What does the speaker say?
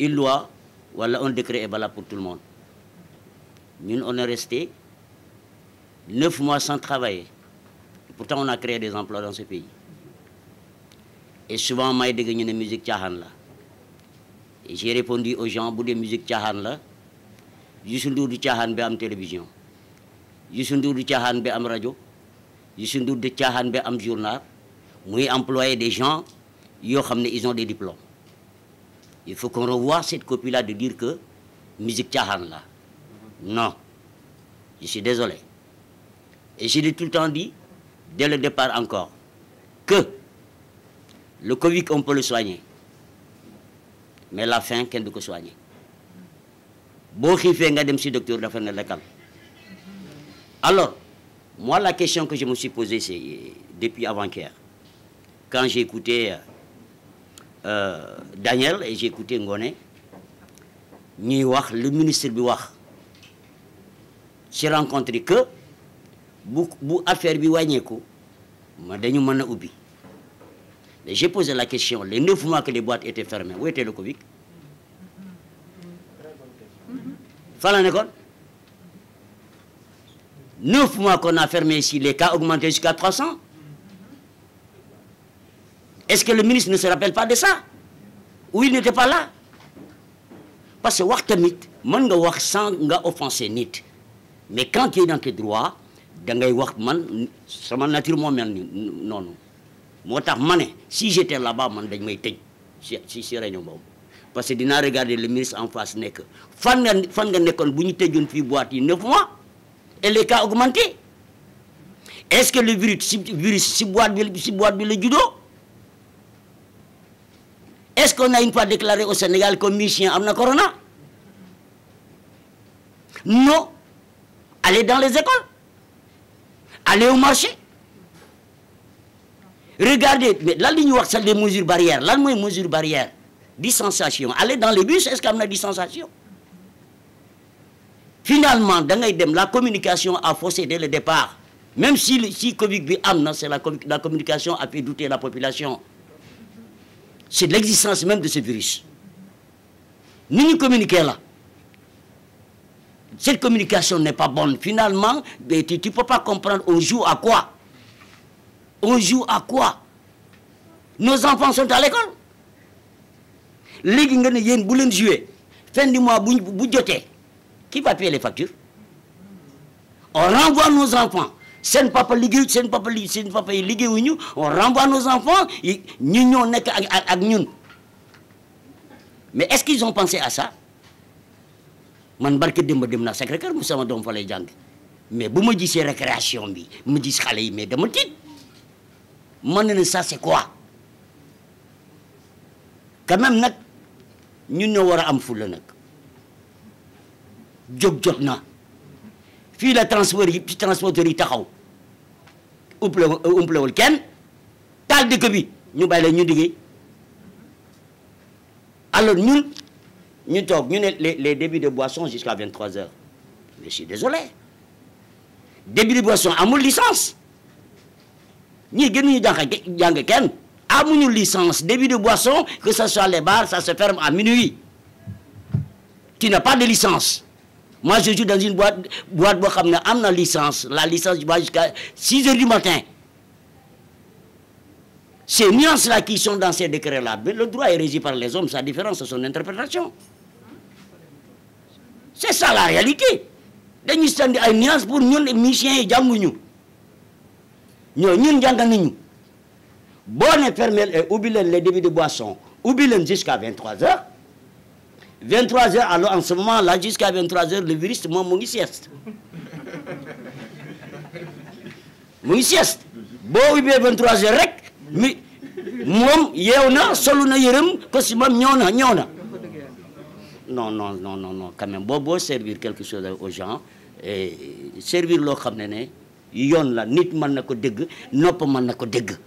une loi wala un décret est valable pour tout le monde ñun on est resté neuf mois sans travailler pourtant on a créé des emplois dans ce pays et souvent may dégg ñu ne musique caaxaan la et j'ai répondu aux gens bu dee musique caaxaan la Youssou Ndour du caaxaan bi am télévision Youssou Ndour du caaxaan bi am rajo Youssou Ndour du caaxaan bi am journal muy employé des gens yoo xam ne ils ont des diplômes il faut qu'on revoie cette copie-là de dire que musique caaxaan la non je suis désolé et je l'ai tout le temps dit dès le départ encore que le Covid on peut le soigner mais la faim kenn du ko soigner boo xiifee nga dem si docteur dafa ne lekkal alors moi la question que je me suis posée c'est euh, depuis avant-hier quand j'ai écouté euh, euh, Daniel et j'ai écouté Ngoné ñuy wax le ministre bi wax ci rencontre yi que bu bu affaire bi wàññeeku ma dañu mën a ubbi et j'ai posé la question les neuf mois que les boîtes étaient fermées où était le Covid fan la nekkoon neuf mois qu'on a fermé ici les cas augmenté jusqu'à trois cents est-ce que le ministre ne se rappelle pas de ça ou il n'était pas là parce que wax tamit man nga wax san nga offenser nit mais quand tu es dans tes droits ngay wax man sama nature moo mel noonu moo tax ma ne si j'étais là man dañ may tëj si si si réunion boobu parce que dinaa regarder le ministre en face nekk fan nga fan nga nekkoon bu ñu tëjoon fi boit yi neuf mois e les cas augmenté est-ce que le virus si virus si boîte bi si boîte bi la juddoo est-ce qu'on a une fois déclaré au Sénégal que musicien na corona non allez dans les écoles allez au marché regardez mais lan li ñuy wax sax des mesures barrières lan mooy mesure barrière distanciation allez dans les bus est-ce que am na distanciation finalement da ngay dem la communication a faussé dès le départ même si si Covid bi am na c'est la la communication a fait douter la population c'est l'existence même de ce virus ni ñu communiquer la cette communication n'est pas bonne finalement mais tu tu peux pas comprendre on joue à quoi on jour à quoi nos enfants sont à l'école léegi nga ne yéen bu leen jouer fin du mois bu bu jotee qui va payer les factures on renvoie nos enfants seen papa liggéey seen papa li seen papa yi liggéeyuñu on renvoie nos enfants ñu ñoo nekk ak ak mais est-ce qu'ils ont pensé à ça man barke démb dem na Sacré-Cœur mu sama doom fa lay jàng mais bu ma gisee récréation bi ma gis xale yi mais dama tiit man ne ça c'est quoi quand même nag ñun ñoo war a am fulla nag jóg jot na fii la transport yi transporteur yi taxaw umple euh, umplewul kenn taal dëkk bi ñu bàyyi la ñu liggéey alors ñun ñu toog ñu ne les les débits de boisson jusqu'à 23 heures mais je suis désolé débit de boisson amul licence ñii gën jàng jàng kenn amuñu licence débit de boisson que ce soit les bars ça se ferme à minuit tu n'as pas de licence moi je joue dans une boîte boîte boo xam ne am na licence la licence va jusqu'à 6 heures du matin ces nuances là qui sont dans ces décrets là le droit est régi par les hommes sa différence c'est son interprétation c'est ça la réalité dañuy sandi ay nuances pour ñun musiciens yi jànguñu ñoo ñun jàngal nañu boo ne fermé ubbi les débits de boisson ubbi leen jusqu'à 23 heures 23 heures alors en ce moment là jusqu'à 23 heures le virus moom mu ngi sieste mu ngi sieste boo ubbee 23 heures rek mi moom yeew na solu na yërëm costume ñëw na ñëw na non non non non non quand même boo boo servir quelque chose aux gens et servir loo xam ne ne yoon la nit mën na ko dégg nopp mën na ko dégg